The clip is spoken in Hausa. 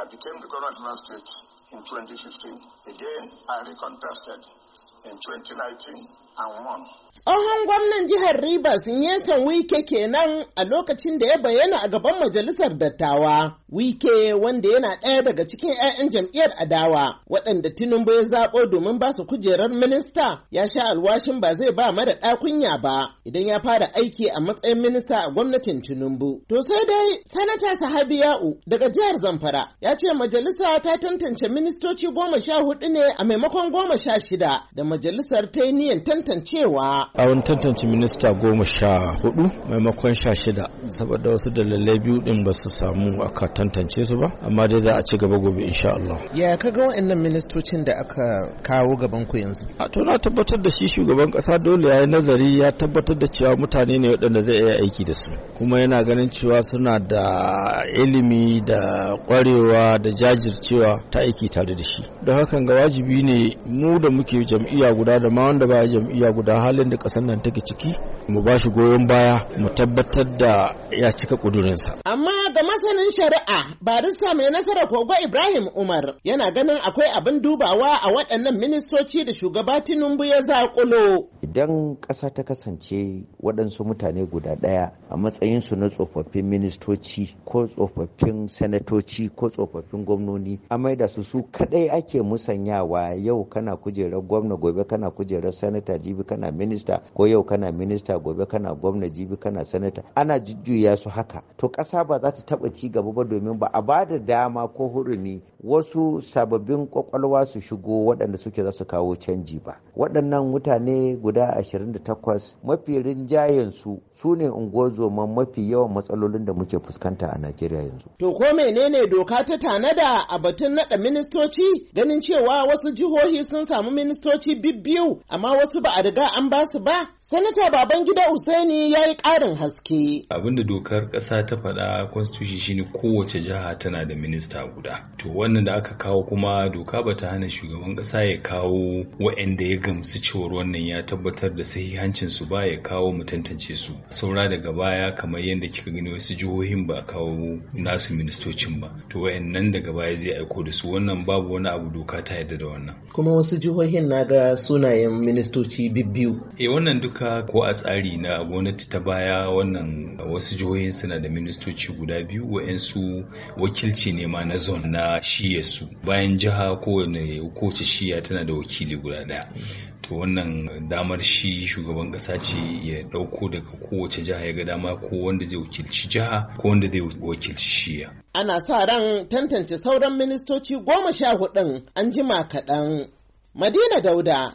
I became the governor of Kaduna State in 2015. Again, I recontested in 2019 and won. Tsohon gwamnan jihar Rivers Nyesom Wike kenan a lokacin da ya bayyana a gaban majalisar dattawa Wike wanda yana ɗaya daga cikin 'ya'yan jam'iyyar adawa waɗanda Tinubu ya zaɓo domin ba su kujerar minista ya sha alwashin ba zai ba mara ɗakunya ba idan ya fara aiki a matsayin minista a gwamnatin Tinubu. To sai dai sanata ya'u daga jihar Zamfara ya ce majalisa ta tantance ministoci goma sha hudu ne a maimakon goma sha shida da majalisar ta yi niyan tantancewa. A wani tantance minista goma sha hudu maimakon sha shida saboda wasu dalilai biyu din ba su samu a tantance su ba amma dai za a ci gaba gobe insha Allah ya ka ga waɗannan ministocin da aka kawo gaban ku yanzu a to na tabbatar da shi shugaban kasa dole yayi nazari ya tabbatar da cewa mutane ne waɗanda zai iya aiki da su kuma yana ganin cewa suna da ilimi da kwarewa da jajircewa ta aiki tare da shi don hakan ga wajibi ne mu da muke jam'iyya guda da ma wanda ba jam'iyya guda halin da kasar nan take ciki mu ba shi goyon baya mu tabbatar da ya cika kudurinsa. amma amma masanin shari'a barista mai nasara kogo Ibrahim Umar yana ganin akwai abin dubawa a waɗannan ministoci da shugaba Tinubu ya zakulo. Idan ƙasa ta kasance waɗansu mutane guda ɗaya a matsayinsu na tsofaffin ministoci ko tsofaffin sanatoci ko tsofaffin gwamnoni a maida su su kaɗai ake musanyawa yau kana kujerar gwamna gobe kana kujerar sanata jibi kana minista ko yau kana minista gobe kana gwamna jibi kana sanata ana jujjuya su haka to ƙasa ba za ta taɓa ci gaba ba domin ba a ba da dama ko hurumi wasu sababbin kwakwalwa su shigo waɗanda suke za su kawo canji ba waɗannan mutane guda 28 mafi rinjayen su su ne ungozoman mafi yawan matsalolin da muke fuskanta a najeriya yanzu to ko menene doka ta tanada a batun naɗa ministoci ganin cewa wasu jihohi sun samu ministoci bibbiyu amma wasu ba a riga an ba su ba Sanata Babangida Usaini ya yi ƙarin haske. Abinda dokar ƙasa ta faɗa constitution shine kowace jiha tana da minista guda. To wannan da aka kawo kuma doka bata hana shugaban ƙasa ya kawo wa'anda ya gamsu cewar wannan ya tabbatar da sahihancin su ba ya kawo mu su. Saura daga baya kamar yadda kika gani wasu jihohin ba kawo nasu ministocin ba. To wa'annan daga baya zai aiko da su wannan babu wani abu doka ta yarda da wannan. Kuma wasu jihohin na ga sunayen ministoci bibbiyu. Eh wannan duk doka ko a tsari na gwamnati ta baya wannan wasu jihohin suna da ministoci guda biyu wa'yansu wakilci ne ma na zon na su. bayan jiha wani kowace shiya tana da wakili guda daya to wannan damar shi shugaban kasa ce ya dauko daga kowace jiha ya ga dama ko wanda zai wakilci jiha ko wanda zai wakilci shiya ana sa ran tantance sauran ministoci goma sha hudun an jima kaɗan madina dauda